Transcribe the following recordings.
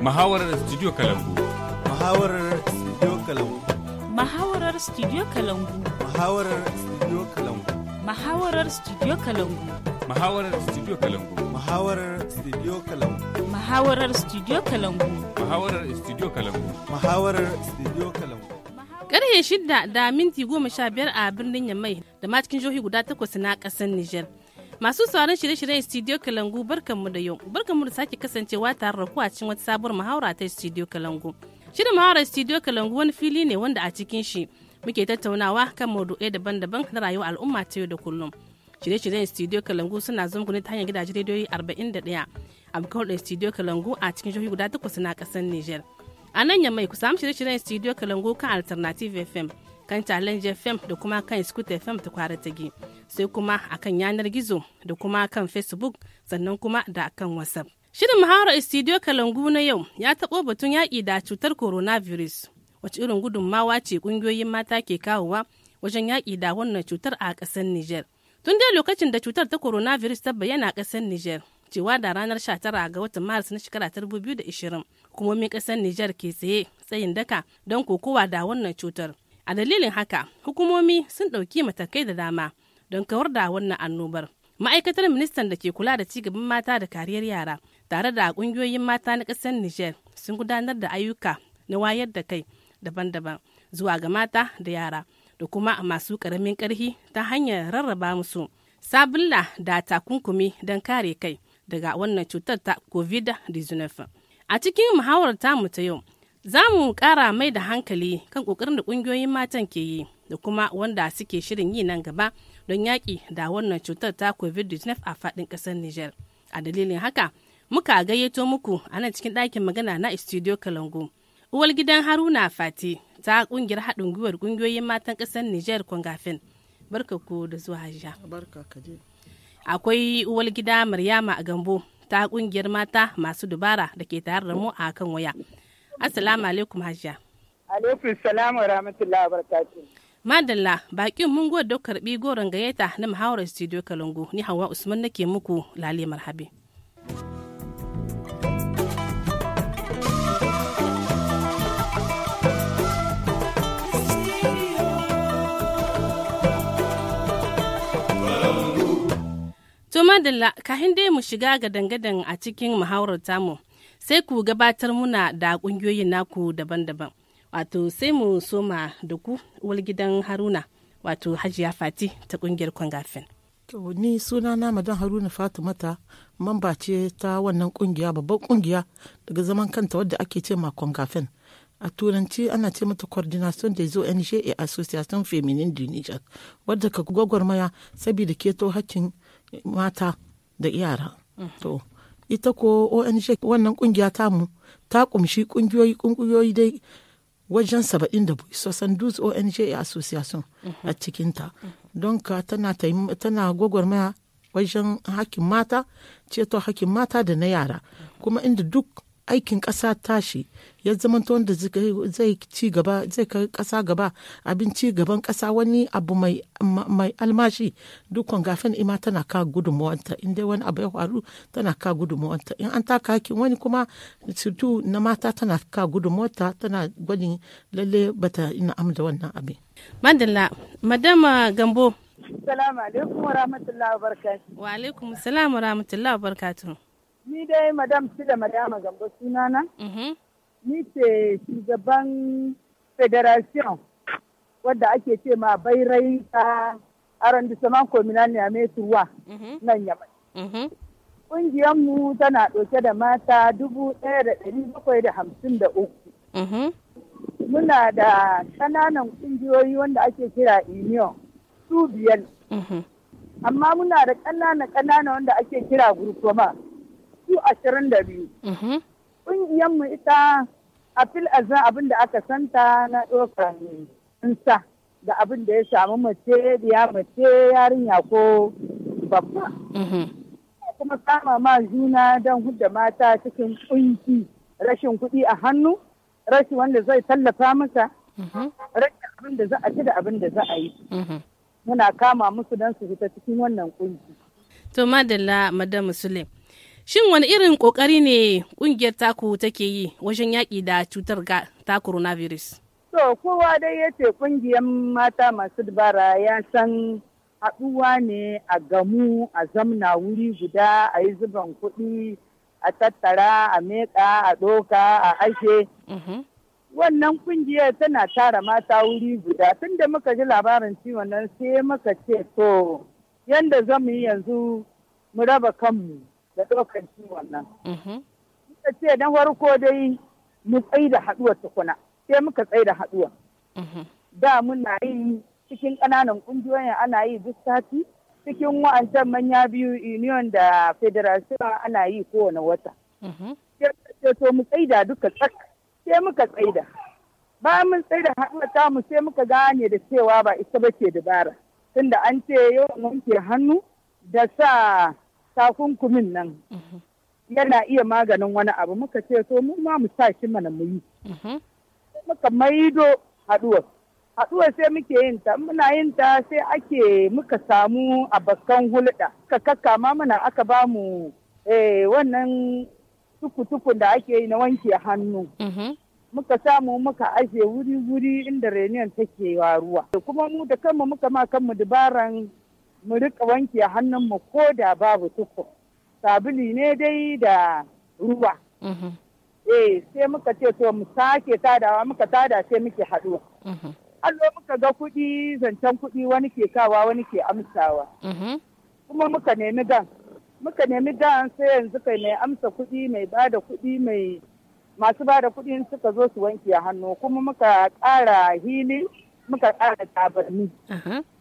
Muhawarar Studio Kalambu. Muhawarar Studio Kalambu. Muhawarar Studio Kalambu. Muhawarar Studio Kalambu. Muhawarar Studio Kalambu. Muhawarar Studio Kalambu. Muhawarar Studio Kalambu. Muhawarar Studio Kalambu. Muhawarar Studio Kalambu. Muhawarar Studio Kalambu. Karye shida da minti goma sha biyar a birnin Yamai da ma cikin jihohi guda takwas na ƙasar Nijar. Masu sauran shirye-shiryen Studio Kalangu barkanmu da yau. mu da sake kasancewa tare da ku a cikin wata sabuwar muhawara ta Studio Kalangu. Shirin muhawarar Studio Kalangu wani fili ne wanda a cikin shi muke tattaunawa kan maudu'ai daban-daban na rayuwar al'umma ta yau da kullum. Shirye-shiryen Studio Kalangu suna zuwa muku ne ta hanyar gidajen rediyoyi 41 a bakawar Studio Kalangu a cikin jihohi guda takwas na kasar Niger. A nan yamai ku samu shirye-shiryen Studio Kalangu kan Alternative FM. kan challenge fm da kuma kan scoot fm ta kwara sai kuma akan yanar gizo da kuma kan facebook sannan kuma da kan whatsapp shirin muhawarar studio kalangu na yau ya taɓo batun yaƙi da cutar coronavirus wacce irin gudunmawa ce ƙungiyoyin mata ke kawowa wajen yaƙi da wannan cutar a ƙasar niger tun dai lokacin da cutar ta coronavirus ta bayyana a ƙasar niger cewa da ranar 19 ga watan maris na shekara 2020 hukumomin kasar Nijar ke tsaye tsayin daka don kokowa da wannan cutar A dalilin haka, hukumomi sun ɗauki matakai da dama don kawar da wannan annobar. Ma'aikatar ministan da ke kula da cigaban mata da kariyar yara tare da ƙungiyoyin mata na ƙasar Nijar sun gudanar da ayyuka na wayar da kai daban-daban zuwa ga mata da yara da kuma masu ƙaramin ƙarfi ta hanyar rarraba musu sabulla da takunkumi don kare kai daga wannan cutar ta covid-19. A cikin muhawarar tamu ta yau, za mu kara mai da hankali kan kokarin da ƙungiyoyin matan ke yi da kuma wanda suke shirin yi nan gaba don yaƙi da wannan cutar ta covid-19 a faɗin ƙasar niger a dalilin haka muka gayyato muku a nan cikin ɗakin magana na studio kalangu uwar gidan haruna fati ta kungiyar haɗin gwiwar kungiyoyin matan ƙasar niger kongafin barka ku da zuwa hajiya akwai uwar gida maryama a gambo ta ƙungiyar mata masu dubara da ke tare da mu a kan waya Assalamu alaikum Hajiya. Alaikum salam wa rahmatullahi wa barakatuh. Madalla bakin mun gode karbi goron gayyata na muhawarar studio Kalungu ni Hawa Usman nake muku lale marhabi. To madalla kahin dai mu shiga ga dangadan a cikin muhawarar tamu. sai ku gabatar muna da kungiyoyin naku daban-daban wato sai mu soma da ku gidan haruna wato hajiya fati ta kungiyar kwangafin to ni sunana madan haruna fatimata mamba ce ta wannan kungiya babban kungiya daga zaman kanta wadda ake ce ma kwangafin a turanci ana ce mata coordination des ong et association féminine du niger wadda ka gwagwarmaya saboda keto hakkin mata da yara mhm. to ita ko ONG wannan kungiya mu ta kumshi kungiyoyi kungiyoyi dai wajen saba'in da biyu sosan dus ONG association a mhm. cikinta mhm. don ka tana tana gwagwarmaya wajen hakin mata ceto hakkin mata da na yara mhm. kuma inda duk aikin ƙasa tashi ya zamanto wanda zai ci gaba zai kai ƙasa gaba abin ci gaban ƙasa wani abu mai almashi dukkan gafin ima tana ka gudunmuwanta in dai wani abu ya faru tana ka gudunmuwanta in an taka hakin wani kuma sutu na mata tana ka gudunmuwanta tana gwani lalle bata ina am da wannan abin. Madalla, Madama Gambo. Salamu alaikum wa rahmatullahi wa barakatuhu. Wa alaikum salamu wa rahmatullahi wa barakatuhu. Ni dai Madam Sida Madama Gambo sunana. Mhm. Ni ce shugaban Federation wadda ake ce ma bairai ta arrondissement komina ne a metuwa mhm. nan yamai. Mhm. Ƙungiyarmu tana ɗauke da mata dubu ɗaya da ɗari bakwai da hamsin da uku. Muna da ƙananan ƙungiyoyi wanda ake kira union su biyar. Amma muna da ƙanana ƙanana wanda ake kira gurkoma. su ashirin da biyu. Mhm. mu ita a fil azan abin da aka santa na ɗaukar nsa da abin da ya samu mace diya mace yarinya ko babba. Mhm. Kuma kama ma juna don hudda mata cikin ƙunki rashin kuɗi a hannu, rashin wanda zai tallafa masa, mhm. rashin abin da za a ci da abin da za a yi. Muna kama musu don su fita cikin wannan ƙunki. To madalla Madam Sule. Shin wani irin kokari ne ƙungiyar taku take yi wajen yaƙi da cutar ga ta coronavirus? So, kowa dai ya ce kungiyar mata masu dubara ya san haɗuwa ne a gamu a zamna wuri guda a yi zuban kuɗi a tattara a meƙa a ɗoka a ashe. Mm-hmm. Wannan ƙungiyar tana tara mata wuri guda tun da muka ji labarin ciwon nan sai muka ce to yanda zamu yi yanzu mu raba kanmu. da ɗaukar shi wannan. Muka mm-hmm. ce na farko dai mu tsaye da haɗuwar tukuna sai muka tsaye da haɗuwar. Mm-hmm. Da muna yi cikin ƙananan ƙungiyoyin ana yi duk sati cikin wa'ancan manya biyu union da federation ana yi kowane wata. Mm-hmm. Sai to mu da duka tsak sai muka tsaida. Bayan mun tsaida haɗuwar tamu sai muka gane da cewa ba ita ba ce dabara. Tunda an ce yawan wanke hannu da sa takunkumin nan mhm. yana iya maganin wani abu muka ce so mun ma mu sa shi mana mu yi mhm. muka maido haduwar haduwar sai muke yin ta muna yin ta sai ake muka samu abakan hulɗa ka ma mana aka ba mu eh, wannan tukutukun da ake yi na wanke hannu mhm. muka samu muka aje wuri-wuri inda reniyan take waruwa kuma mu da kanmu muka ma kanmu dabaran mu rika wanke hannun mu ko da babu tukur Sabulu ne dai da ruwa mm-hmm. eh sai muka ce to mu sake tadawa muka tada sai muke haɗuwa mm-hmm. allo muka ga kuɗi zancen kuɗi wani ke kawa wani ke amsawa mm-hmm. kuma muka nemi gan muka nemi gan sai yanzu kai mai amsa kuɗi mai bada kuɗi mai masu bada kuɗi suka zo su wanke hannu kuma muka ƙara hili muka ƙara tabarni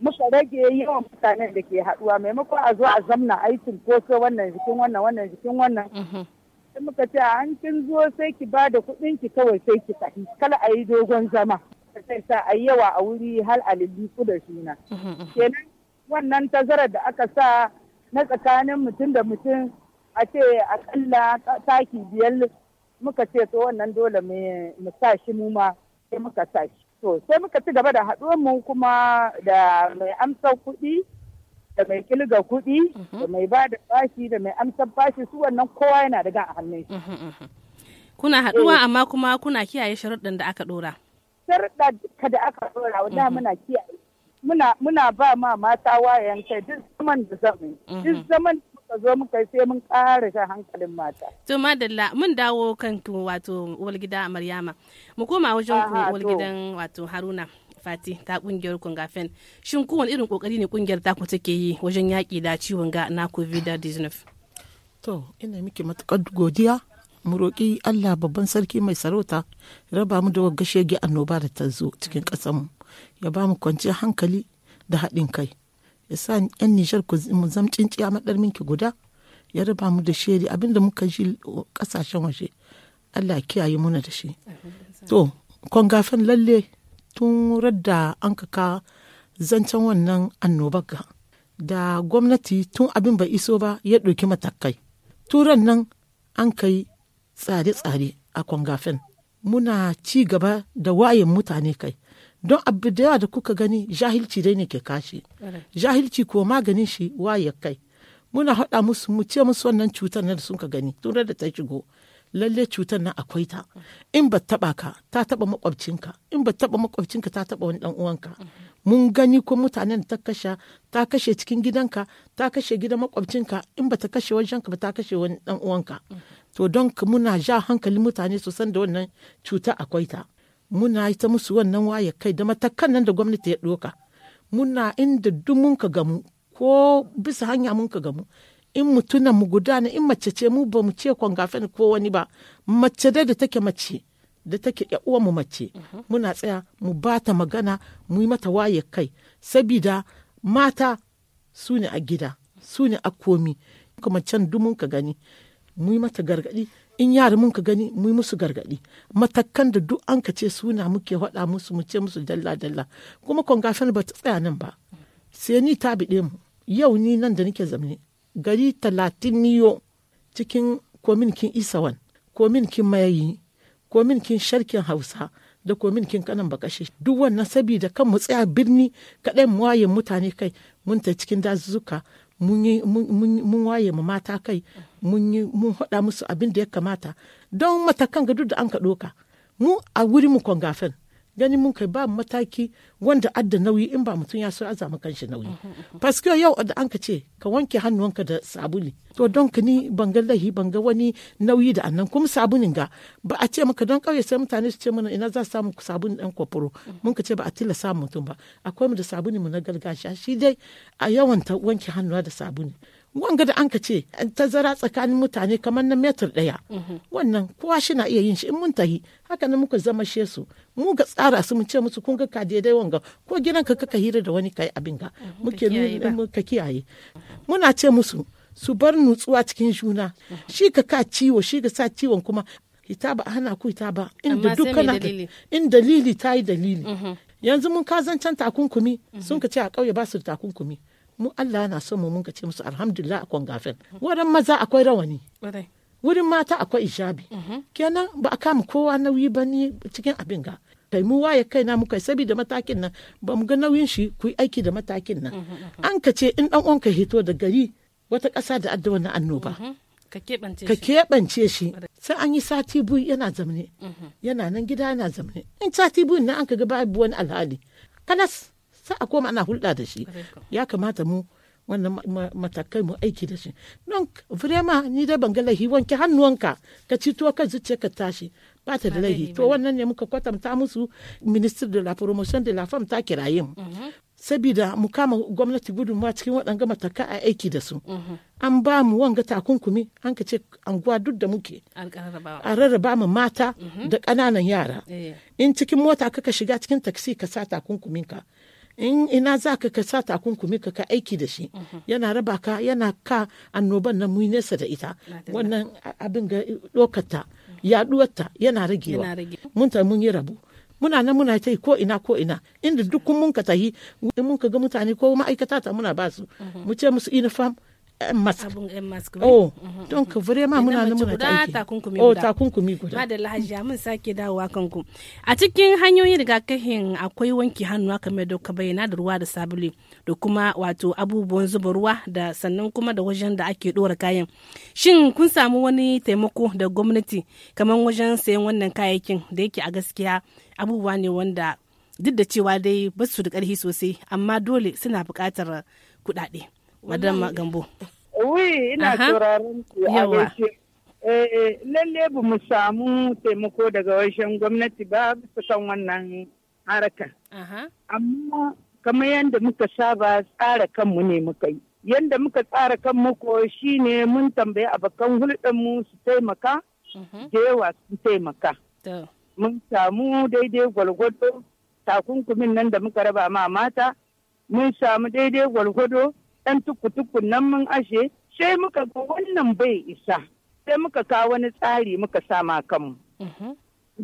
muka rage yawan mutanen da ke haɗuwa maimakon a zo a zamna aikin yi so wannan jikin wannan wannan jikin wannan sai muka ce an kin zo sai ki ba da kuɗin ki kawai sai ki tafi kala a yi dogon zama sai sa a yawa a wuri har a lulluku da juna kenan wannan tazarar da aka sa na tsakanin mutum da mutum a ce akalla taki biyar muka ce to wannan dole mu sa shi mu ma sai muka sa shi To sai muka ci gaba da haɗuwanmu kuma da mai amsar kuɗi, da mai kilga kuɗi, da mhm. mai ba da bashi, da mai amsar bashi su wannan kowa yana da gan a hannun shi. Mhm, mhm. Kuna haɗuwa eh. amma kuma kuna kiyaye sharuɗin da aka ɗora. Sharuɗa duka da aka ɗora wanda muna kiyaye. Muna ba ma mata wayan kai duk zaman da zan duk zaman ka zo muka sai mun kara shan hankalin mata. To madalla mun dawo kan wato walgida Maryama. Mu koma wajen ku walgidan wato Haruna. Fati ta kungiyar Kungafen. Shin kowane irin kokari ne kungiyar ta ku take yi wajen yaki da ciwon ga na COVID-19? To, ina miki matuƙar godiya mu roƙi Allah babban sarki mai sarauta raba mu da wagga annoba da ta zo cikin ƙasarmu ya ba mu kwanciyar hankali da haɗin kai ya sa yan nijar mu zam cinciya maɗar minki guda ya raba mu da shiri abinda muka ji ƙasashen waje allah kiyaye muna da shi to kon gafen lalle tun radda an kaka zancen wannan annoba ga da gwamnati tun abin bai iso ba ya ɗauki matakai turan nan an kai tsare-tsare a kwangafen muna ci gaba da wayan mutane kai don abu da yawa da kuka gani jahilci dai ne ke kashi jahilci ko maganin shi waye kai muna haɗa musu mu ce musu wannan cutar na da sun ka gani tun da ta shigo lalle cutar na akwai ta in ba taba ka ta taba makwabcinka in ba taba makwabcinka ta taba wani dan uwanka mun gani ko mutanen ta kashe ta kashe cikin gidanka ta kashe gidan makwabcinka in ba ta kashe wajenka ba ta kashe wani dan uwanka to don muna ja hankali mutane su san da wannan cuta akwai ta muna ita musu wannan waye kai da matakan nan da gwamnati ya ɗoka muna inda duk mun ka gamu ko bisa hanya mun ka gamu in mutunan mu gudana in mace ce mu ba mu ce kwangafen ko wani ba mace dai da take mace da take uwa mu mace mhm. muna tsaya mu bata magana mu yi mata waye kai sabida mata su ne a gida su ne a komi kuma can dumun ka gani mu yi mata gargadi in yara mun ka gani mu musu gargadi matakan da duk an ka ce suna muke faɗa musu mu ce musu dalla dalla kuma kongafen ba ta tsaya nan ba sai ni ta biɗe mu yau ni nan da nake zamne gari talatin niyo cikin kominkin isawan kominkin mayayi kominkin sharkin hausa da kominkin kanan bakashe duk wannan sabida kan mu tsaya birni kaɗai mu waye mutane kai mun ta cikin dazuzzuka mun waye ma mata kai mun haɗa musu abin da ya kamata don matakan ga duk da an ka ɗoka mu a wuri mu kongafen Ganin mun kai ba mataki wanda adda nauyi in ba mutum ya so azama kanshi nauyi Paskiyo yau da an ka ce ka wanke hannuwanka da sabuli to don ka ni ban ga lahi ban ga wani nauyi da annan kuma sabunin ga ba a ce maka don kauye sai mutane su ce mana ina za samu sabuni dan kwaforo. mun ka ce ba a tilasta mutum ba akwai mu da sabuni mu na gargajiya shi dai a yawanta wanke hannuwa da sabuni wanga da an ka ce tazara tsakanin mutane kamar na metar ɗaya mhm. wannan kowa shi na iya yin shi in mun tahi haka nan muka zama she su mu ga tsara su mu ce musu kun ga ka daidai wanga ko gidan ka kaka hira da wani kai abin ga mhm, muke muka kiyaye muna ce musu su bar nutsuwa cikin juna mhm. shi ka ka ciwo shi ka sa ciwon kuma ita ba hana ku ita ba inda duk in dalili ta yi dalili yanzu mun ka takunkumi sun ka ce a ƙauye ba su takunkumi mu Allah na son mu mun ce musu alhamdulillah akwai gafen wurin maza akwai rawani wurin mata akwai ishabi mhm. kenan ba a kama kowa nauyi ba ni cikin abin ga kai mu waye kai na muka saboda matakin nan ba mu ga nauyin shi ku yi aiki da matakin nan mhm, mhm. an ka ce in dan uwanka hito da gari wata ƙasa da adda wannan annoba ka keɓance shi sai an yi sati biyu yana zamne yana nan gida yana zamne in sati biyu na an ka ga babu wani alhali kalas sai a koma ana hulɗa da shi ya kamata mu wannan matakai mu aiki da shi don vraiment ni dai ban ga wanke hannuwanka ka ci tuwa kan zuciya ka tashi ba ta da laihi to wannan ne muka kwatanta musu minister de la promotion de la femme ta kiraye mu mhm. sabida mu kama gwamnati gudunmawa cikin waɗanga matakai a aiki da su mhm. an ba mu wanga takunkumi an ka ce anguwa duk da muke a rarraba mu mata mhm. da ƙananan yara eh. in cikin mota kaka shiga cikin taksi ka sa takunkuminka ka in ina za ka ka sa takunkumi ka ka aiki da shi mhm. yana raba ka yana ka annoban na mu nesa da ita wannan abin ga ɗaukata mhm. yaɗuwarta yana ragewa mun ta mun yi rabu muna nan muna ta ko ina ko ina inda duk mun ka tahi mun ka ga mutane ko ma'aikata ta muna ba su mhm. mu ce musu uniform mask abun ah mask oh don ka ma muna nan muna takunkumi oh, guda takunkumi guda mun sake dawowa kanku a cikin hanyoyin rigakafin akwai wanki hannu kamar da ka bayyana da ruwa da sabulu da kuma wato abubuwan zuba ruwa da sannan kuma da wajen da ake dora kayan shin kun samu wani taimako da gwamnati kamar wajen sayan wannan kayayyakin da yake a gaskiya abubuwa ne wanda duk da cewa dai ba su da ƙarfi sosai amma dole suna buƙatar kuɗaɗe. madam gambo oui ina sauraron ku a eh, lalle ba mu samu taimako daga wajen gwamnati ba bisa kan wannan haraka amma kamar yadda muka saba tsara kanmu ne muka yi yadda muka tsara kanmu ko shine mun tambayi abokan hulɗarmu su taimaka mhm. da yawa sun taimaka mun samu daidai gwalgwado takunkumin nan da muka raba ma mata mun samu daidai gwalgwado ɗan tukutukun nan mun ashe sai muka ga wannan bai isa sai muka kawo wani tsari muka sama kanmu. Mhm.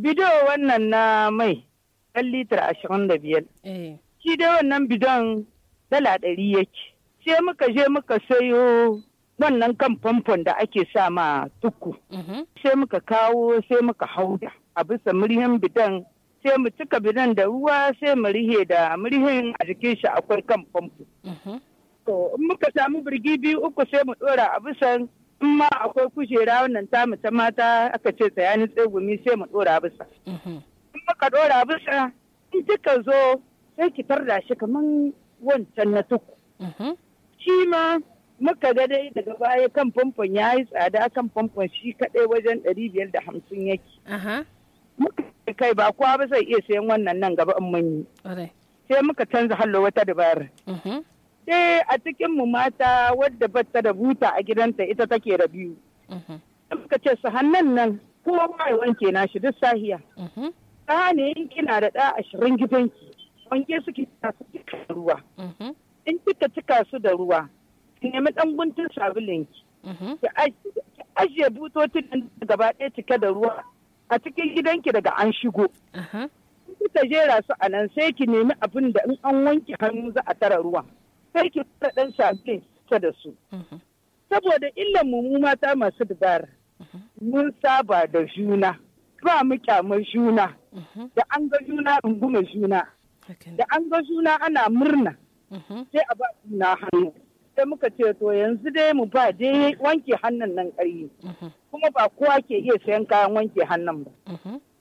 Bidiyo wannan na mai ɗan litar ashirin da biyar. Eh. Shi dai wannan bidon dala ɗari yake. Sai muka je muka sayo wannan kan famfon da ake sa ma tukku. Mhm. Sai muka kawo sai muka hauda a bisa murhin bidon sai mu cika bidan da ruwa sai mu rihe da murhin a jikin shi akwai kan famfo. Mhm. To, muka samu birgi biyu uku sai mu ɗora a bisan in ma akwai kujera wannan tamu ta mata aka ce ni tsegumi sai mu ɗora a bisa. Mhm. In muka dora a bisa, in kika zo sai ki tarda shi kaman wancan na tuku. Mhm. Shi ma muka ga dai daga baya kan famfon ya yi tsada kan famfon shi kaɗai wajen ɗari biyar da hamsin yake. Muka kai ba kuwa ba zai iya sayan wannan nan gaba in mun yi. Sai muka canza hallo wata dabarar. Mhm. ce a cikin mu mata wadda bata da buta a gidanta ita take da biyu. Mhm. Muka ce su hannun nan kowa ya wanke nashi duk sahiya. Ta mhm. ne kina da ɗa ashirin gidanki wanke su ki su cika da ruwa. Mhm. In kika cika su da ruwa ki nemi ɗan guntun sabulunki. Ki ajiye butotin gaba ɗaya cike da ruwa a cikin gidanki daga an shigo. Kika jera su a nan sai ki nemi abin da in an wanke hannu za a tara ruwan. kai ki fara dan shafe ta da su mhm. saboda illan mu mata masu dabar mhm. mun saba da juna ba mu kyamar juna mhm. da an ga juna runguma juna da an ga juna ana murna sai a ba juna hannu sai muka ce to yanzu dai mu ba dai wanke hannun nan ƙaryi kuma ba kowa ke iya sayan kayan wanke hannun ba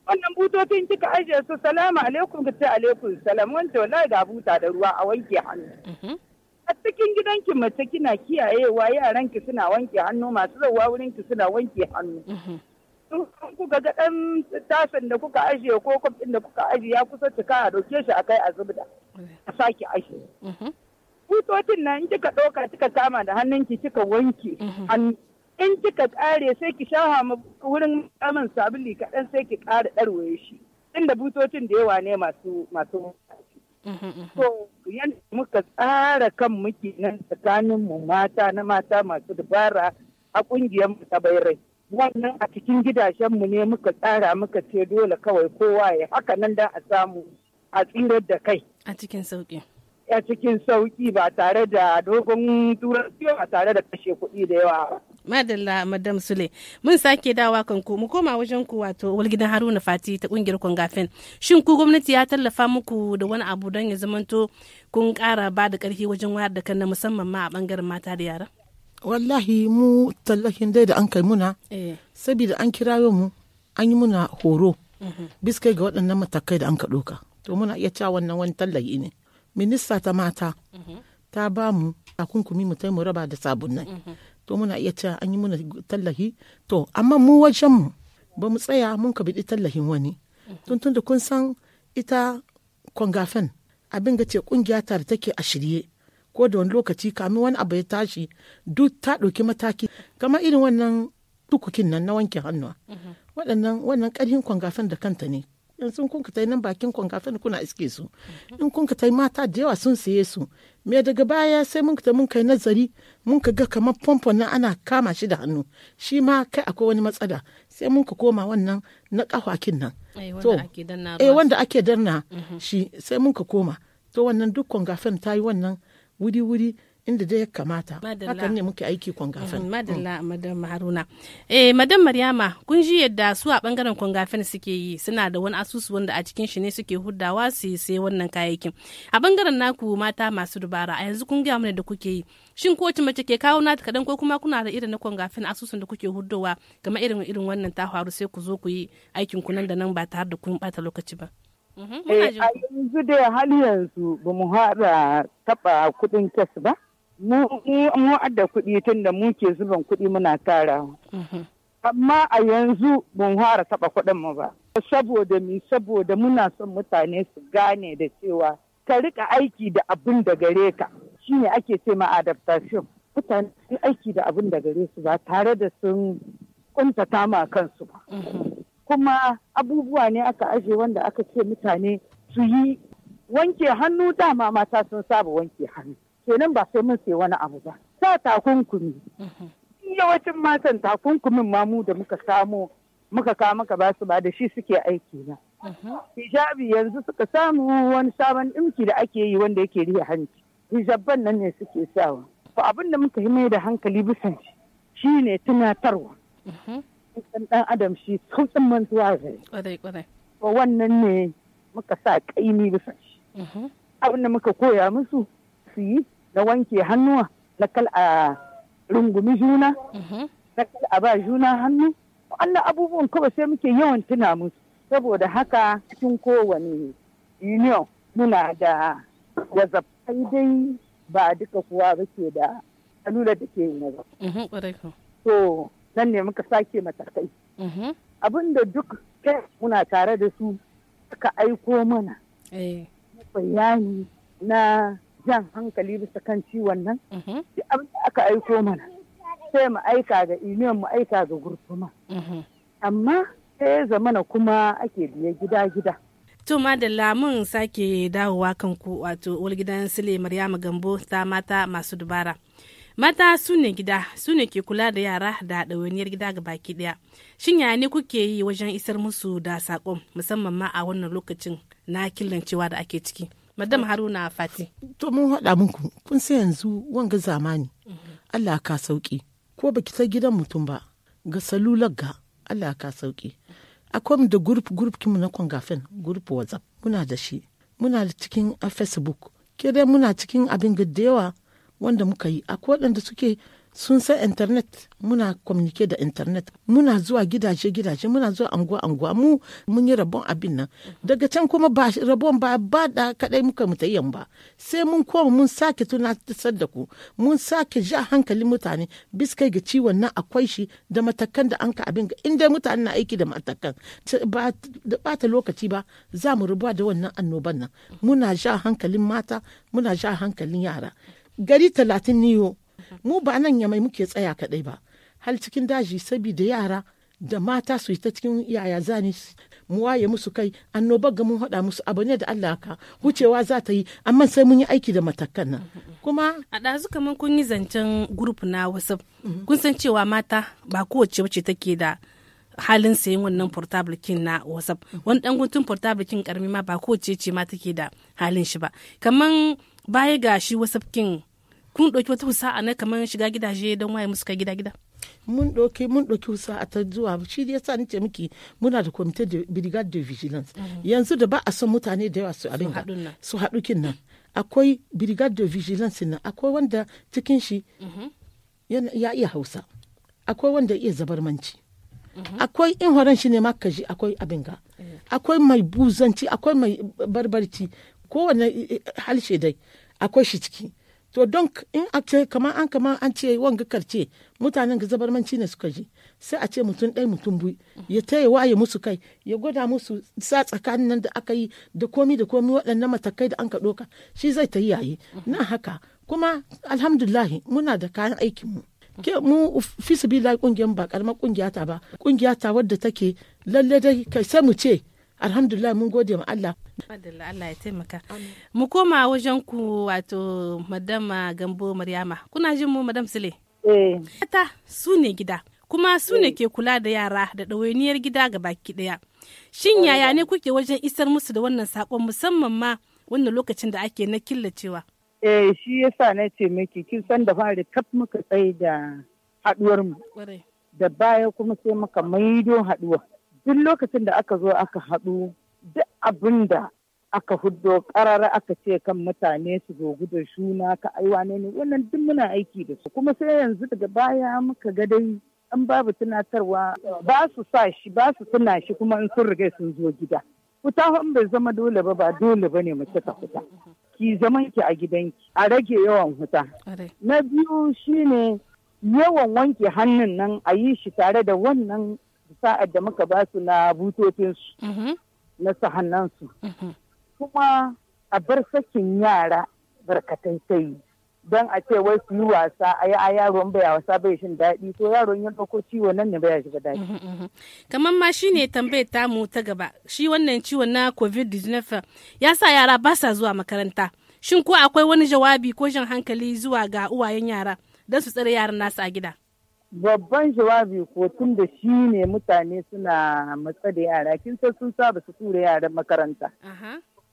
wannan butocin kika ajiye su salamu alaikum ka ce alaikum salam wanda wallahi ga buta da ruwa a wanke hannu a cikin gidanki mace kina kiyayewa yaranki suna wanke hannu masu zauwa wurinki suna wanke hannu mhm. kuka ga dan tasan da kuka ajiye ko kwafin da kuka ajiye ya kusa cika a ɗauke shi akai a zubda a sake ajiye mhm. butotin nan in kika ɗauka kika kama da hannunki kika wanke mhm. hannu in kika ƙare sai ki shafa wurin kamun sabili kaɗan sai ki ƙara ɗarwaye shi inda butocin da yawa ne masu masu Mm-hmm, mm-hmm. So yadda muka tsara kan muke nan tsakanin mu mata na mata masu dabara a kungiyar mu ta rai. Wannan a cikin gidajen mu ne muka tsara muka ce dole kawai kowa ya haka nan da a samu a tsirar da kai. A cikin sauki. A cikin sauki ba tare da dogon siyo ba tare da kashe kuɗi da yawa. madalla madam sule mun sake dawa kanku mu koma wajen ku wato walgidan haruna fati ta kungiyar kongafin shin ku gwamnati ya tallafa muku da wani abu don ya zamanto kun kara ba da karfi wajen wayar da kan musamman ma a bangaren mata da yara wallahi mu tallafin dai da an kai muna eh. saboda an kira mu an yi muna horo mhm. biskai ga waɗannan matakai da an ka ɗoka to muna iya cewa wannan wani tallafi ne minista ta mata mhm. ta ba mu takunkumi mu mu raba da sabunan mhm. to muna iya cewa an yi muna tallahi to amma mu wajen mu ba mu tsaya mun ka biɗi tallafin wani tun tun da kun san ita kwangafen abin ga ce kungiya tare take a shirye ko da wani lokaci kamin wani abu ya tashi duk ta ɗauki mataki kamar irin wannan tukukin nan na wanke hannuwa mhm. waɗannan wannan ƙarfin kwangafen da kanta ne yanzu kun ka tai nan bakin kwankafin kuna iske su in kun ka tai mata da yawa sun siye su me daga baya sai mun ta mun kai nazari mun ka ga kamar famfo nan ana kama shi da hannu shi ma kai akwai wani matsala sai mun ka koma wannan na kahwakin nan eh, to eh wanda ake danna mhm. shi sai mun ka koma to wannan duk kwankafin ta yi wannan wuri-wuri inda dai ya kamata hakan ne muke aiki kwangafen mm, mm. madalla madam haruna eh madam maryama kun ji yadda su a bangaren kwangafen suke yi suna da wani asusu wanda a cikin shi ne suke huddawa su sai wannan kayayyakin a bangaren naku mata masu dubara a yanzu kun gaya mana da kuke yi shin ko wace mace ke kawo nata kadan ko kuma kuna da irin na kwangafen asusun da kuke huddowa kamar irin irin wannan ta faru sai ku zo ku yi aikin ku nan da nan ba tare da kun bata lokaci ba mhm, eh, a yanzu da hali yanzu ba mu haɗa taɓa kuɗin kes ba mu da kuɗi tun da muke zuban kuɗi muna tara. Mhm. Amma a yanzu mun fara taɓa kuɗin mu ba. Saboda mi saboda muna son mutane su gane da cewa ka rika aiki da abin da gare ka shine ake ce ma adaptation. Mutane su aiki da abin da gare su ba tare da sun kuntata ma kansu ba. Mhm. Kuma abubuwa ne aka aje wanda aka ce mutane su yi wanke hannu dama mata sun saba wanke hannu. kenan ba sai mun sai wani abu ba sa takunkumi mhm. yawancin matan takunkumin ma mu da muka samo muka ka maka ba su ba da shi suke aiki na mhm. hijabi yanzu suka samu wani sabon ɗinki da ake yi wanda yake riya hanci hijabban nan ne suke sawa to abin da muka mai da hankali bisan shi ne tunatarwa dan mhm. adam shi sautin mantuwa zai ba wannan ne muka sa kaimi bisan shi abin da muka koya musu su yi na wanke hannuwa na kal a rungumi juna mhm. na kal a ba juna hannu wannan abubuwan kawai sai muke yawan tuna musu saboda haka cikin kowane union muna da wazafai dai ba duka kuwa ba ke da kalula da ke yin mhm, To nan ne muka sake matakai. Mhm. Abin da duk muna tare da su suka aiko mana eh. bayani na jan hankali bisa kan ciwon nan mhm. duk abin aka aiko mana sai mu aika ga email mu aika ga gursuma mhm. amma sai zamana kuma ake biya gida-gida To da mun sake dawowa kan ku wato gidan Sule Maryama Gambo ta mata masu dubara. Mata su ne gida, su ne ke kula da yara da ɗawainiyar gida ga baki ɗaya. Shin ya ne kuke yi wajen isar musu da sakon musamman ma a wannan lokacin na killancewa da ake ciki? madam haruna fati to mun haɗa muku kun sai yanzu wanga zamani allah ka sauki ko baki ta gidan mutum ba ga salular ga allah ka sauki akwai da group kin kimu na kwangafen group whatsapp muna da shi muna da cikin a facebook ke dai muna cikin abin da yawa wanda muka yi akwai waɗanda suke sun san internet muna communique da internet muna zuwa gidaje-gidaje muna zuwa anguwa-anguwa mu mun yi rabon abin nan daga can kuma ba rabon ba ba da kadai muka mutayyan ba sai mun koma mun sake tunatar da ku mun sake ja hankalin mutane biskai ga ciwon nan akwai shi da matakan da an ka abin ga inda mutane na aiki da matakan ba da bata lokaci ba za mu rubuwa da wannan annoban nan muna ja hankalin mata muna ja hankalin yara gari talatin niyo mu ba nan yamai muke tsaya kaɗai ba hal cikin daji saboda yara da mata su yi ta cikin yaya zani mu waye musu kai annoba ga mun haɗa musu abu ne da Allah ka wucewa za ta yi amma sai mun yi aiki da matakan nan kuma a ɗazu kamar kun yi zancen gurup na wasu kun san cewa mata ba kowace wacce take da halin sayen wannan portable kin na whatsapp wani dan guntun portable kin karmi ma ba kowace ce ma take da halin shi ba kaman baya ga shi whatsapp kin kun ɗauki wata a na kamar shiga gidaje don waye musu kai gida-gida mun ɗauki mun ɗauki husa a ta zuwa shi da yasa ni ce miki muna da comité de brigade de vigilance mhm. yanzu da ba a son mutane da yawa su abin su haɗu kin nan akwai brigade de vigilance nan akwai wanda cikin shi mhm. ya iya hausa akwai wanda iya zabarmanci mhm. akwai in horon shi ne ma kaji akwai abin ga eh. akwai mai buzanci akwai mai barbarci kowane eh, eh, halshe dai akwai shi ciki to don in a ce kamar an kamar an ce wanga karce mutanen ga zabarmanci ne suka ji sai a ce mutum ɗaya mutum bui ya taya waye musu kai ya gwada musu sa tsakanin nan da aka yi da komi da komi waɗannan matakai da an ka ɗoka shi zai ta yi yayi na haka kuma alhamdulahi muna da kayan aikin mu ke mu fi su bi ƙungiyar ba ƙaramar ƙungiya ta ba ƙungiya ta wadda take lalle dai kai sai mu ce alhamdulillah mun gode ma Allah Allah ya taimaka mu koma wajen ku wato madama gambo maryama kuna jin mu madam sule eh ta su ne gida kuma su ne eh. ke kula da yara da ɗawainiyar gida ga baki ɗaya shin yaya ne kuke wajen isar musu da wannan sakon musamman ma wannan lokacin da ake na killacewa eh shi yasa na ce miki kin san da fari kaf muka tsaye da haɗuwar mu da baya kuma sai muka maido haɗuwa. duk lokacin da aka zo aka haɗu duk abin da aka huddo karara aka ce kan mutane su zo gudun shuna ka aiwa ne ne wannan duk muna aiki da su kuma sai yanzu daga baya muka ga dai an babu tunatarwa ba su sa shi ba su tuna shi kuma in sun riga sun zo gida fita in bai zama dole ba ba dole ba ne mu ta fita ki zaman ki a gidanki a rage yawan huta na biyu shine yawan wanke hannun nan a yi shi tare da wannan sa'ad da muka ba su na butotinsu mm-hmm. na sahannansu mm-hmm. kuma a bar sakin yara barkatai sai don a ce wai su yi wasa a yi a yaro bai wasa bai shin daɗi to yaro ya ɗauko ciwo nan ne bai shiga daɗi. Mm-hmm, kamar ma shi ne tambayar tamu ta gaba shi wannan ciwo na covid-19 ya sa yara ba sa zuwa makaranta shin ko akwai wani jawabi ko jan hankali zuwa ga uwayen yara don su tsare yaran nasu a gida. babban jawabi ko tun da shi ne mutane suna matsa da yara kin san sun saba su tura yaran makaranta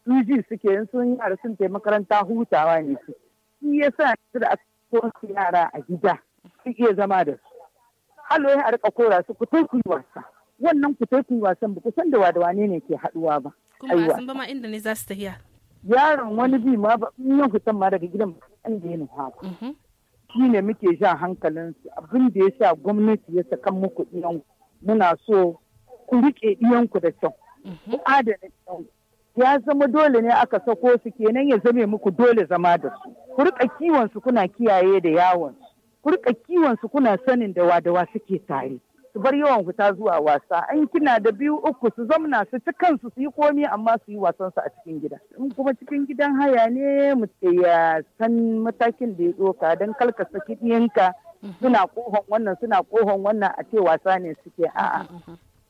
su ji suke in sun yara sun ta makaranta hutawa ne su shi ne su da aka yara a gida su iya zama da su halo ya rika kora su ku ku yi wasa wannan ku tai ku yi wasan ba ku san da wada wane ne ke haduwa ba kuma sun ba ma inda ne za su tafiya yaron wani bi ma ba in yan fitan ma daga gidan ba an da yana haku mhm. shi ne muke jan hankalinsu abin da ya sa gwamnati ya saka muku iyanku muna so ku riƙe iyanku da kyau ku mhm. adana kyau. ya zama dole ne aka sako su kenan ya zame muku dole zama da su ku riƙa kiwon su kuna kiyaye da yawon ku riƙa kiwon su kuna sanin da wa suke tare su bar yawan fita zuwa wasa an kina da biyu uku su zamna su ci kansu su yi komi amma su yi wasan su a cikin gida in kuma cikin gidan haya ne mu ya san matakin da ya doka dan kalka saki ɗiyanka suna kohon wannan suna kohon wannan a ce wasa ne suke a'a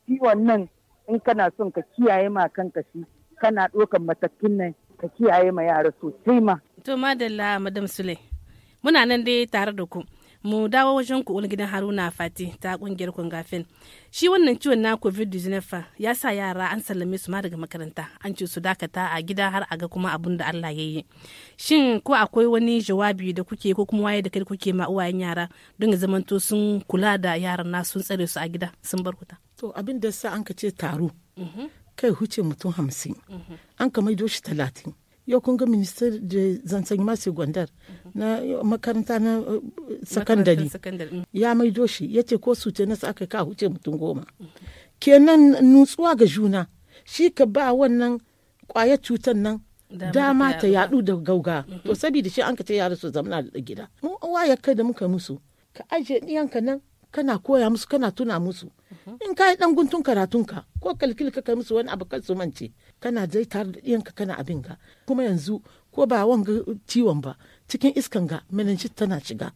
ciwon nan in kana son ka kiyaye ma kanka shi kana ɗokan matakin nan ka kiyaye ma yara sosai ma. To madalla madam Sule muna nan dai tare da ku. mu dawo wajen ku gidan haruna fati ta kungiyar kongafin shi wannan ciwon na covid-19 ya sa yara an sallame su ma daga makaranta an ce su dakata a gida har a ga kuma abun da allah ya yi shin ko akwai wani jawabi da kuke ko kuma waye da kai kuke ma uwayen yara don ya zamanto sun kula da yaran na sun tsare su a gida sun bar kuta to abin da sa an ka ce taro mhm. kai huce mutum hamsin mhm. an ka maido shi talatin yau kun ga minister da masu gwandar na makaranta na uh, sakandare mm. ya maido shi ya ce ko su na sa aka ka huce mutum goma kenan nutsuwa ga juna shi ka ba wannan kwayar cutar nan dama ta yadu da gauga mm-hmm. to saboda shi an ka ce yara su zamana da gida mu waya kai da muka musu ka aje ɗiyanka nan kana koya musu kana tuna musu mm-hmm. in ka yi ɗan guntun karatunka ko kalkil ka kai musu wani abu kan su mance kana zai tare da ɗiyanka kana abin ga kuma yanzu ko ba wanga ciwon ba cikin iskan ga meningitis tana shiga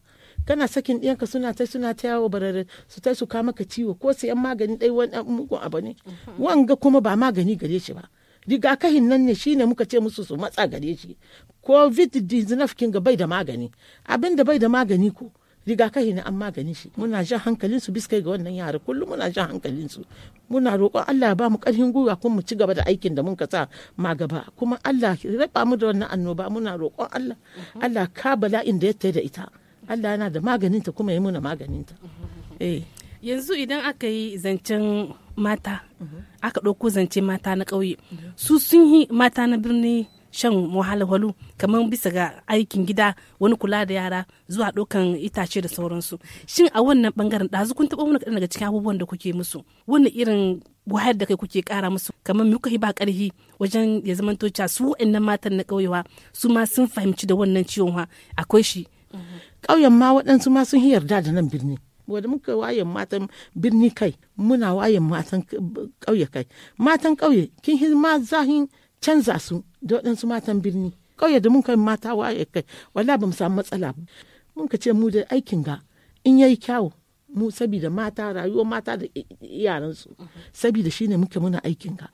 kana sakin ɗiyanka suna ta suna ta yawo barare su ta su ka maka ciwo ko sayan magani ɗai wani mugun abu ne mhm. wanga kuma ba magani gare shi ba rigakafin nan ne shine muka ce musu su matsa gare shi covid-19 ga bai da magani abin da bai da magani ko rigakafi ne an maganin shi muna jan hankalin su biskai ga wannan yara kullum muna jan hankalin su muna roƙon Allah ba mu ƙarfin gwiwa kuma mu ci gaba da aikin da mun ka sa ma gaba kuma Allah raba mu da wannan annoba muna roƙon Allah mhm. Allah ka bala'in da ya da ita Allah yana da maganinta kuma ya muna maganinta mhm. eh yanzu idan aka yi zancen mata mhm. aka ɗauko zance mata na ƙauye su sun yi mata na birni shan wahalhalu kamar bisa ga aikin gida wani kula da yara zuwa ɗaukan itace da sauransu shin a wannan bangaren ɗazu kun taɓa wani kaɗan daga cikin abubuwan da kuke musu wani irin wahayar da kai kuke ƙara musu kamar muka yi ba ƙarfi wajen ya zamanto cewa su wa'annan matan na ƙauyewa su ma sun fahimci da wannan ciwon akwai shi ƙauyen ma waɗansu ma sun yarda da nan birni wadda muka wayan matan birni kai muna wayan matan ƙauye kai matan ƙauye kin ma zahin canza su da waɗansu matan birni ƙauye da mun kai mata waye kai wala ba mu samu matsala ba mun ka ce mu da aikin ga in yayi kyawu mu sabida mata rayuwar mata da su sabida shine muke muna aikin ka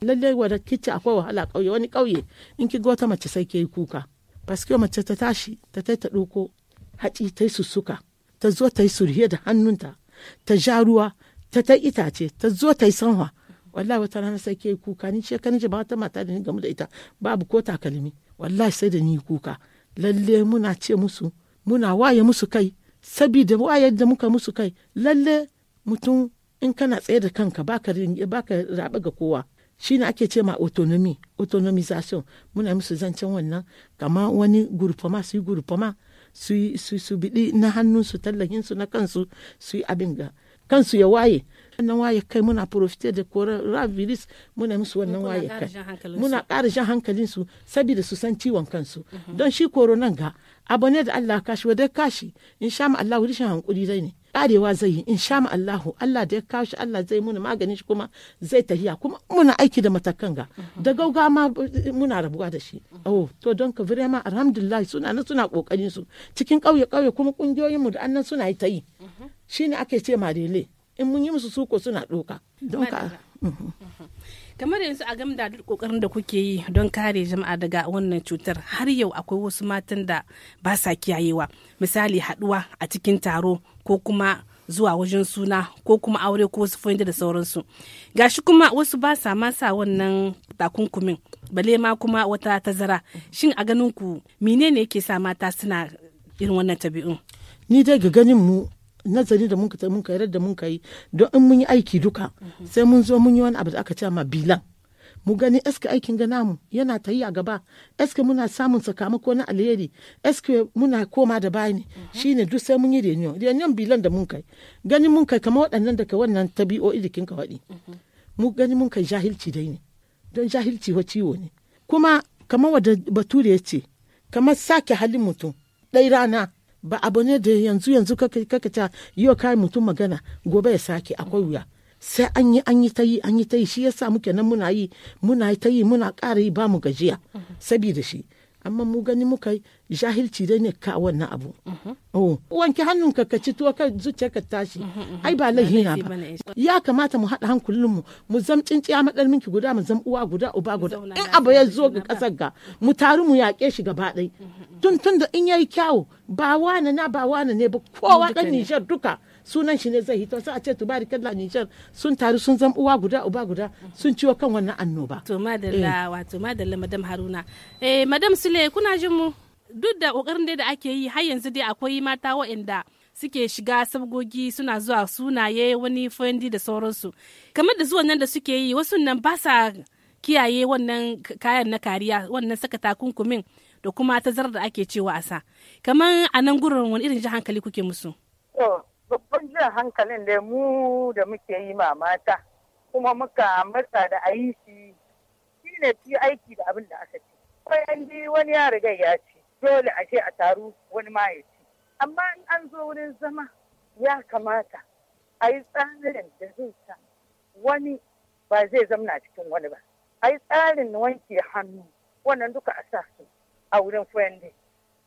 lallai wanda kici akwai wahala ƙauye wani ƙauye in ki ga wata mace sai ke kuka paske mace ta tashi ta tai ta ɗauko haci ta yi sussuka ta zo ta yi surhiya da hannunta ta ja ruwa ta ta itace ta zo ta yi sanwa wallahi wata rana sai ke kuka ni ce kanije ba wata mata da ni gamu da ita babu ko takalmi wallahi sai da ni kuka lalle muna ce musu muna waye musu kai sabida wayar da muka musu kai lalle mutum in kana tsaye da kanka baka baka raba ga kowa Shi shine ake ce ma autonomy autonomization muna musu zancen wannan kama wani gurfama su yi gurfama su su su biɗi na hannunsu su na kansu su yi abin ga kansu ya waye nan waye kai muna profiter da corona virus muna musu wannan waye kai muna ƙara jan hankalin su saboda su san ciwon kansu mhm. don shi nan ga abu ne da Allah kashi wadai kashi in sha ma Allah rishin hankuri zai ne karewa zai yi in sha Allahu Allah da ya kashi Allah zai muna maganin shi kuma zai tahiya kuma muna aiki da matakan ga mhm. da gauga ma muna rabuwa da shi mhm. oh to don ka ma alhamdulillah suna nan suna kokarin su cikin kauye kauye kuma kungiyoyin mu da annan suna yi ta yi shine ake ce ma in mun yi musu suko suna doka. doka. Mhm. kamar yanzu a game da duk kokarin da kuke yi don kare jama'a daga wannan cutar har yau akwai wasu matan da ba sa kiyayewa misali haduwa a cikin taro ko kuma zuwa wajen suna ko kuma aure ko wasu fahimta da sauransu gashi kuma wasu ba sa ma sa wannan takunkumin bale ma kuma wata tazara shin a ganin ku menene yake sa mata suna irin wannan tabi'un ni dai ga ganin mu nazari da muka mun kai da mun kai don in mun yi aiki duka mhm. sai mun zo mun yi wani abu da aka ce ma bilan mu gani eske aikin ga namu yana ta yi a gaba eske muna samun sakamako na alheri eske muna koma da bayani mhm. shine duk sai mun yi reunion reunion bilan da mun kai gani mun kai kamar waɗannan daga wannan tabi'o'i kin ka waɗi mhm. mu gani mun kai jahilci dai ne don jahilci wa ciwo ne kuma kamar wadda bature ya ce kamar sake halin mutum ɗai rana ba abu ne da yanzu yanzu kaka ta yau kayan mutum magana gobe ya sake akwai wuya sai an yi an yi ta yi an yi ta yi shi yasa muke nan muna yi muna ta yi muna ƙara yi ba mu gajiya sabida shi amma mu gani muka yi jahilci dai ne ka wannan abu. Mm-hmm. Oh, wanke hannunka ka ci tuwa ka zuciya ka tashi. Mm-hmm, mm-hmm. Ai ba laihina ba. Ya kamata mu haɗa hankulinmu mu zam tsinciya madar minki guda mu zam uwa guda uba guda. In abu ya zo ga ƙasar ga mu taru mu yaƙe shi gaba ɗai. Tun tun da in yayi kyawu ba wani na ba wani ne ba kowa dan Nijar duka sunan shi ne zai hito sai a ce tubarikalla Nijar sun taru sun zama uwa guda uba guda sun ciwo kan wannan annoba to madalla eh. wato madalla madam Haruna eh madam Sule kuna jin mu duk da kokarin da ake yi har yanzu dai akwai mata waɗanda suke shiga sabgogi suna zuwa sunaye wani fendi da sauransu kamar da zuwan nan da suke yi wasu nan ba sa kiyaye wannan kayan na kariya wannan saka takunkumin da kuma tazarar da ake cewa asa sa kamar a nan gurin wani irin ji hankali kuke musu babban jin hankalin da mu da muke yi mamata mata kuma muka matsa da a yi shi shine fi aiki da abin da aka ce kai an ji wani ya riga ya ce dole a ce a taru wani ma ya ce amma in an zo wurin zama ya kamata a yi tsarin da zai sa wani ba zai zamna cikin wani ba a yi tsarin wanke hannu wannan duka a sa su a wurin friendly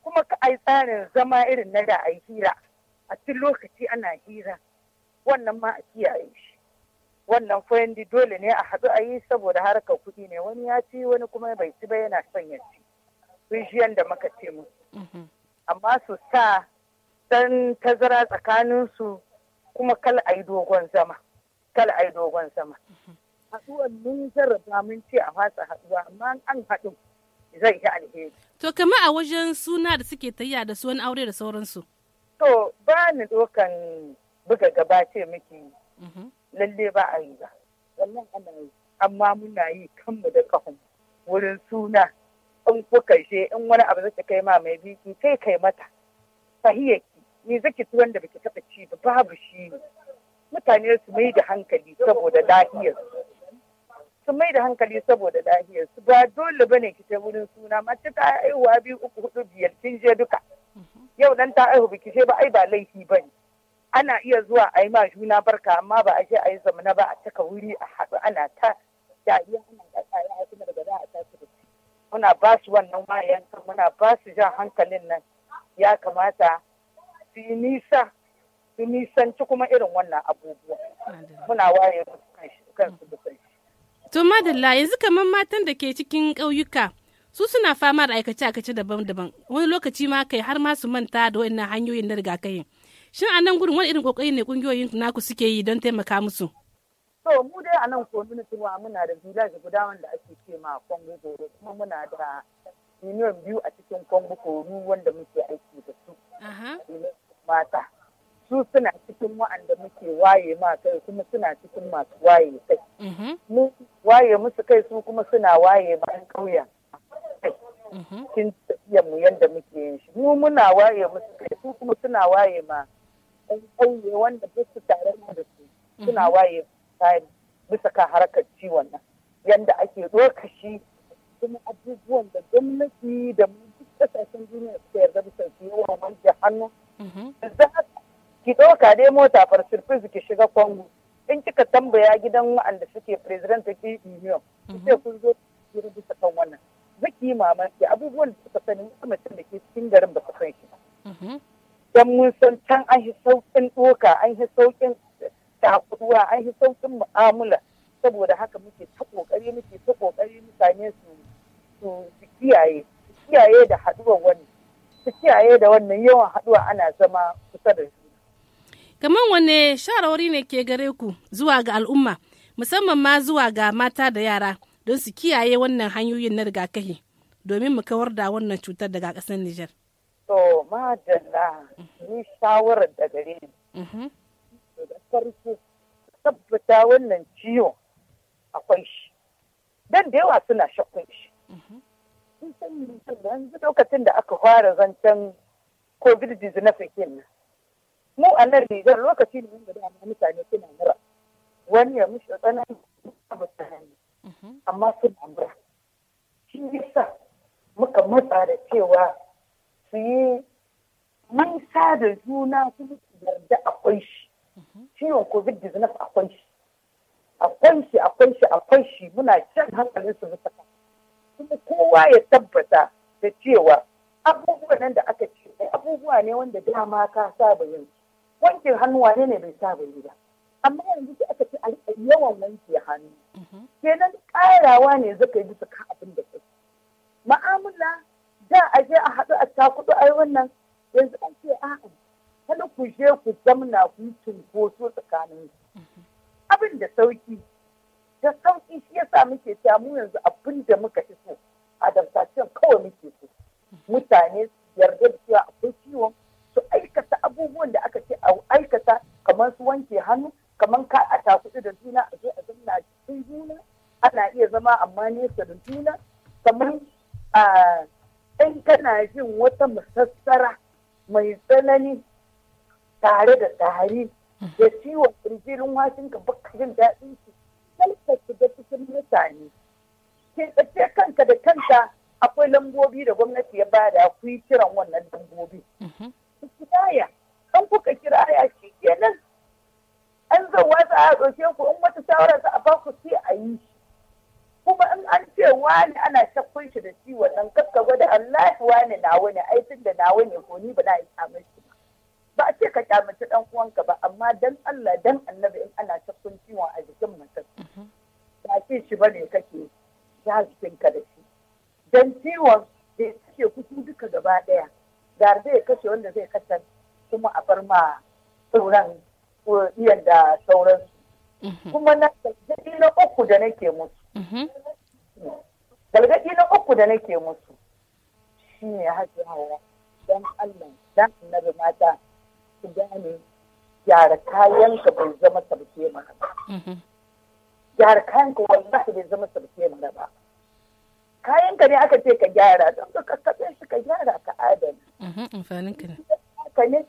kuma ka ai tsarin zama irin na da a hira a cikin lokaci ana hira wannan ma a kiyaye shi wannan friendly dole ne a haɗu a yi saboda harkar kuɗi ne wani ya ci wani kuma bai ci ba yana son ya ci shi da muka ce mu mm-hmm. amma su sa dan tazara tsakanin su kuma kal yi dogon zama kal ai dogon zama mm-hmm. haɗuwan mun jarraba mun ce a fasa haɗuwa amma an haɗu zai yi alheri. To kama a wajen suna da suke tayya da su wani aure da sauransu. To ba ni dokan buga gaba ce miki mhm. lalle ba a yi ba. Wannan ana yi amma muna yi kanmu da kahun wurin suna in kuka je in wani abu zai kai ma mai biki kai kai mata. ki ni zaki ci wanda baki taɓa ci ba babu shi ne. Mutane su mai da hankali saboda su su mai da hankali saboda lahiyar su ba dole ba ne kice wurin suna mace ta aihuwa biyu uku hudu biyar kin je duka yau dan ta aihu biki je ba ai ba laifi ba ne ana iya zuwa a yi ma juna barka amma ba a je a yi zamana ba a cika wuri a haɗu ana ta dariya ana da tsaya kuma daga za a tashi da muna ba su wannan wayan muna ba su jan hankalin nan ya kamata su yi nisa su nisanci kuma irin wannan abubuwa muna waye kansu da kansu To madalla yanzu kamar matan da ke cikin ƙauyuka su suna fama da aikace-aikace daban-daban wani lokaci ma kai har ma su manta da wani hanyoyin na rigakafin. Shin a gurin wani irin kokari ne kungiyoyin naku suke yi don taimaka musu? To mu dai a nan community wa muna da village guda wanda ake ce ma Kongo Goro kuma muna da union biyu a cikin Kongo Goro wanda muke aiki da su. Mata. su suna cikin wa'anda muke waye ma kai kuma suna cikin masu waye kai. Mm-hmm. Mu waye musu kai su kuma suna waye an kauya. Mm-hmm. Kin tafiya mu yanda muke yin shi. Mu muna waye musu kai su kuma suna waye ma an kauye wanda duk su tare da su mm-hmm. suna waye kayan bisa ka harkar ciwon nan. Yanda ake ɗoka shi kuma abubuwan da gwamnati da mu duk kasashen duniya suka yarda bisa su yi wa wanke hannu. za ki ɗauka dai mota far surprise ki shiga Congo in kika tambaya gidan wa'anda suke president ki union sai mhm. kun zo ki rubuta kan wannan zaki yi mamaki abubuwan da suka sani mutum da ke cikin garin ba su san shi ba mhm. dan mun san can an yi sauƙin ɗoka an yi sauƙin takuwa an yi sauƙin mu'amala saboda haka muke ta ƙoƙari muke ta ƙoƙari mutane su su kiyaye su kiyaye da haɗuwar wani su kiyaye da wannan yawan haɗuwa ana zama kusa da shi. Kaman wane shawarwari ne ke gare ku zuwa ga al'umma musamman ma zuwa ga mata da yara don su kiyaye wannan hanyoyin na rigakafi domin mu kawar da wannan cutar daga ƙasar Nijar. To madalla ni shawarar da gare ni. Mhm. Da farko tabbata wannan ciwo akwai shi. Dan da yawa suna shakkun shi. Mhm. Sun san yanzu lokacin da aka fara zancen COVID-19 kenan. mu a nan rigar ne mun da amma mutane suna mura wani ya mishi tsanani abu tsanani mhm. amma suna mura shi yasa muka matsa da cewa su yi nisa da juna kuma su yarda akwai shi mhm. ciwon covid-19 akwai shi akwai shi akwai shi akwai shi muna jan hankalin su bisa kuma kowa ya tabbata da cewa abubuwan nan da aka ce abubuwa ne wanda dama ka saba yanzu wanke hannu wane ne bai sa bai ba amma yanzu sai aka ce a yawan wanke hannu mhm. kenan ƙayarawa ne zaka yi bisa kan abin da kai ma'amala da a je a haɗu a cakudu ai wannan yanzu an ce a'a kada ku je ku zamna ku yi cunkoso tsakanin mhm. abin da sauki da sauki shi yasa muke ta mu yanzu abin da muka fi so adaptation kawai muke so mhm. mutane zama nesa da a kamar in kana jin wata musassara mai tsanani tare da tari da ciwon kirjirin wasin ka baka jin daɗin shi sai ka shiga cikin mutane ke tsaye kanka da kanka akwai lambobi da gwamnati ya bada ku yi kiran wannan lambobi mhm. kiraya an kuka kiraya shi kenan an zan watsa a ɗauke ku in wata shawara za a ba ku sai a yi kuma in an ce wani ana shakkun shi da ciwon nan kakka gwada Allah wani na wani ai tun da na wani ko ni ba na yi kamar shi ba a ce ka kyamaci dan uwanka ba amma dan Allah dan annabi in ana shakkun ciwon a jikin mutum mhm. ba ce shi ba ne kake ka da shi dan ciwon da ya kashe duka gaba daya da zai kashe wanda zai kasar kuma a bar ma sauran iyan da sauransu mhm. kuma na na uku da nake musu Galgaɗi mm-hmm. na uku da nake musu shi ne hajji hawa don Allah don annabi mata su gane gyara kayan ka bai zama sabke mana ba. Mm-hmm. Gyara kayan ka wallahi bai zama sabke mana ba. Kayan ka ne aka ce ka gyara don ka kakkaɓe shi ka gyara ka adana. Mm-hmm. Amfanin ka ne. Ka ne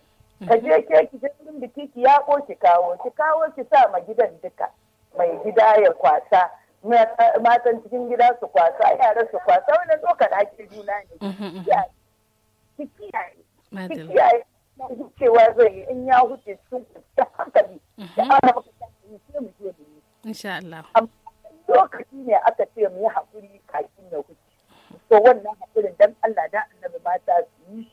ka je ke ki je wurin biki ki yaƙo ki kawo ki kawo ki sa ma gidan duka mai gida ya kwasa matan cikin gida su kwasa yara su kwasa wani tsokar ake juna ne mhm, mhm. ki kiyaye cewa zai yi in ya huce cikin kwanciyar hankali da ana maka yi sai mu je mu yi insha Allah lokaci ne aka ce mu yi hakuri kafin ya huce to wannan haƙurin dan Allah da annabi mata su yi shi.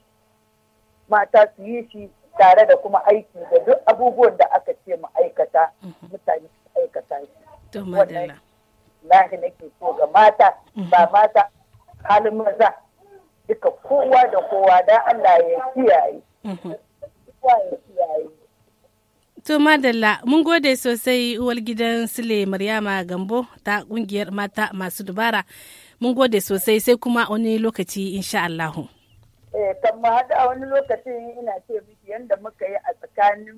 mata su yi shi tare da kuma aiki da duk abubuwan da aka ce mu aikata mhm. mutane su aikata shi to madalla lahi nake so ga mata ba mm-hmm. mata halin maza duka kowa da kowa da Allah mm-hmm. ya kiyaye. To Madalla, mun gode sosai uwar gidan Sule Maryama Gambo ta kungiyar mata masu dubara. Mun gode sosai sai kuma wani lokaci insha Allahu. Eh, kamar hada wani lokaci ina ce miki yadda muka yi a tsakanin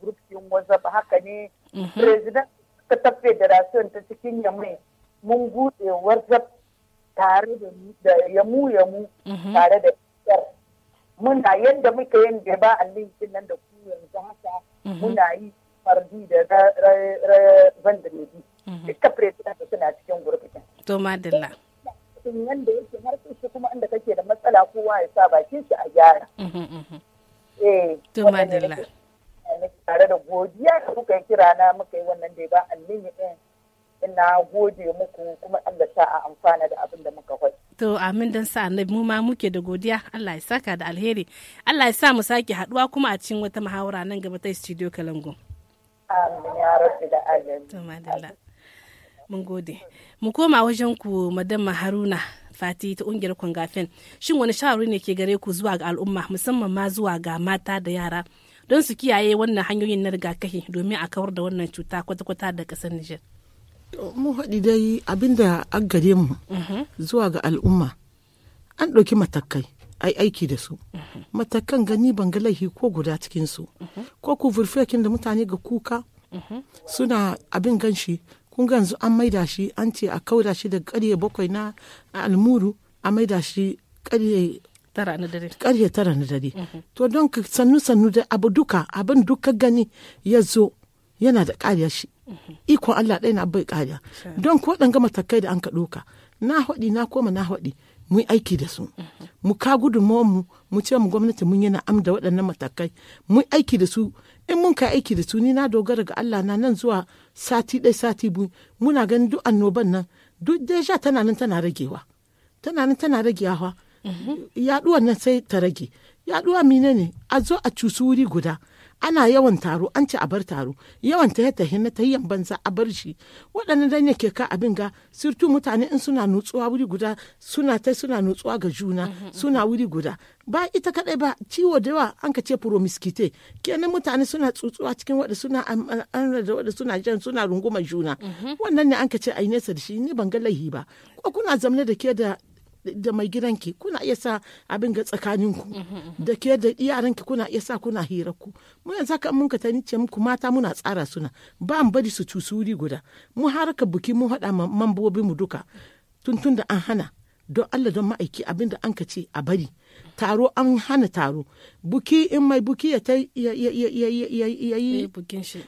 grup din WhatsApp haka ne. Mm-hmm. President ta federation ta cikin yamai mun buɗe whatsapp tare da yamu yamu mhm. tare da ƙasar muna yadda muka yin da ba allinkin nan da ku yanzu haka mhm. muna yi fardi da ban da mebi mhm. duka president suna cikin gurbitin to madalla in yadda yake har shi kuma inda kake da matsala kowa ya sa bakin shi a gyara eh to madalla tare da godiya da kuka yi kira na muka yi wannan da ba annin din ina gode muku kuma Allah sa a amfana da abin da muka kwai. To amin dan sa annabi mu ma muke da godiya Allah ya saka da alheri Allah ya sa mu sake haduwa kuma a cikin wata muhawara nan gaba ta studio Kalango. Amin ya rabbi da alheri. To madalla. Mun gode. Mu koma wajen ku madam Haruna Fati ta ƙungiyar Kwangafen. Shin wani shawari ne ke gare ku zuwa ga al'umma musamman ma zuwa ga mata da yara don su kiyaye wannan hanyoyin na rigakafi domin a kawar da wannan cuta kwata-kwata da kasar Nijar. Mu haɗi dai abinda an gare mu mhm. zuwa ga al'umma an ɗauki matakai ai aiki da su mhm. matakan gani ban ga laifi ko guda cikin su mhm. ko ku vurfekin da mutane ga kuka suna abin ganshi kun ganzu an maida shi an ce a kauda shi da karye bakwai na almuru a maida shi karye. tara na dare karye tara na dare mhm. to don ka sannu sannu da abu duka abin duka gani ya zo yana da kariya shi mhm. ikon Allah ɗaya na bai kariya don ko ɗan gama takai da an ka ɗoka na haɗi na koma na haɗi mu yi aiki da su mhm. mu ka gudu mu mu ce mu gwamnati mun yana am da waɗannan matakai mu yi aiki da su in mun ka aiki da su ni na dogara ga Allah na nan zuwa sati ɗaya sati biyu muna ganin duk annoban nan duk deja tana nan tana ragewa tana nan tana ragewa yaduwar nan sai ta rage yaduwa mine ne a zo a cusu wuri guda ana yawan taro an ci a bar taro yawan ta ta na ta yin banza a bar shi waɗannan dan yake ka abin ga surtu mutane in suna nutsuwa wuri guda suna ta suna nutsuwa ga juna mhm. suna wuri guda ba ita kadai ba ciwo da yawa an ka ce promiskite kenan mutane suna tsutsuwa cikin wanda suna an da wanda suna jan suna runguma juna mhm. wannan ne an ka ce ai nesa da shi ni ban ga laifi ba ko kuna zamne da ke da da mai gidanki kuna iya sa abin ga tsakaninku da ke da yaranki kuna iya sa kuna hira ku mu yanzu haka mun ka tani ce muku mata muna tsara suna ba an bari su cusu wuri guda mu haraka buki mun haɗa mambobin mu duka tuntun da an hana don Allah don ma'aiki abin da an ka ce a bari taro an hana taro buki in mai buki ya ta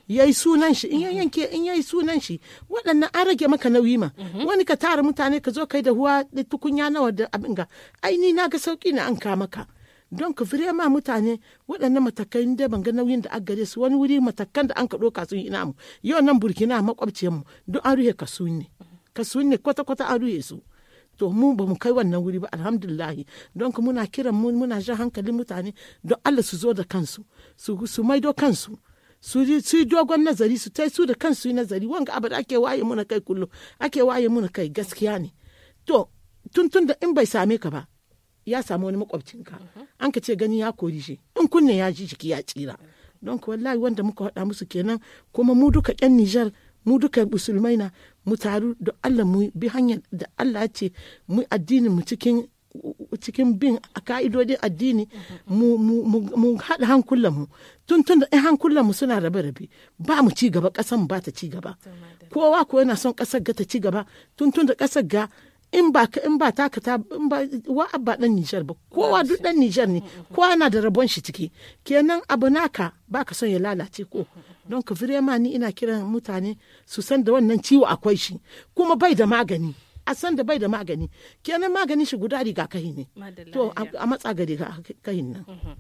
yi sunan shi in ya yanke in yayi sunan shi waɗannan an rage maka nauyi ma mhm. wani ka tara mutane ka zo kai da huwa da tukunya nawa da abin ga ai ni na ga sauki na an ka maka don ka fure ma mutane waɗannan matakai da ban ga nauyin da aka gare su wani wuri matakan da an ka ɗauka sun ina mu yau nan burkina makwabciyar mu don an ruhe kasu ne mhm. kasu ne kwata-kwata an ruhe su to mu ba mu kai wannan wuri ba alhamdulillahi don ka muna kiran mu muna jan hankalin mutane don Allah su zo da kansu su maido kansu su yi dogon nazari su tai su da kansu nazari wanga abu da ake waye muna kai kullum ake waye muna kai gaskiya ne to tun da in bai same ka ba ya samu wani makwabcinka mhm. an ka ce gani ya kori shi in kunne ya ji jiki ya tsira mhm. don ka wallahi wanda muka haɗa musu kenan kuma mu duka ƴan Nijar mu duka musulmai na mu taru da Allah mu bi hanyar da Allah ce mu addini mu cikin cikin bin ka'idodin addini mu haɗa hankulanmu tun tun da hankulanmu suna rabe-rabe ba mu ci gaba ƙasar ba ta ci gaba kowa kuwa yana son ƙasar ga ta ci gaba tun tun da ƙasar ga in ba in ba ka ta in ba wa abba dan Nijar ba kowa duk dan Nijar ne mm, mm, mm. kowa na da rabon shi ciki kenan abu naka ka son ya lalace ko don ka ni ina kiran mutane su san da wannan ciwo akwai shi kuma bai da magani a san da bai da magani kenan magani shi guda rigakafi ne to a matsa ga rigakafin nan mhm.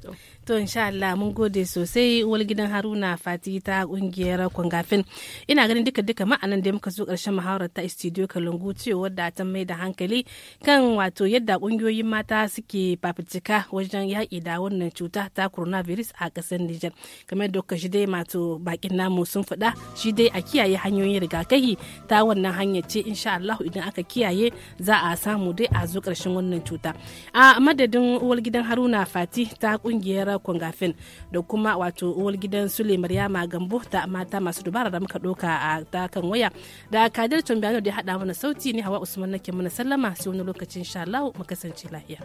to insha Allah mun gode sosai uwar gidan Haruna Fati ta kungiyar Kungafin ina ganin duka duka ma'anan da muka zo karshen muhawarar ta studio Kalungu cewa wadda ta mai da hankali kan wato yadda kungiyoyin mata suke fafutuka wajen yaƙi da wannan cuta ta coronavirus a ƙasar Nijar kamar da kuka shi dai mato bakin namu sun faɗa shi dai a kiyaye hanyoyin rigakafi ta wannan hanyar ce insha Allah idan aka kiyaye za a samu dai a zo ƙarshen wannan cuta a madadin uwar gidan haruna fati ta kungiyar kongafin da kuma wato uwar gidan sule maryama gambo ta mata masu dubara da muka ɗauka a ta kan waya da kadir tumbiano da ya haɗa mana sauti ne hawa usman nake mana sallama sai wani lokacin sha mu kasance lafiya.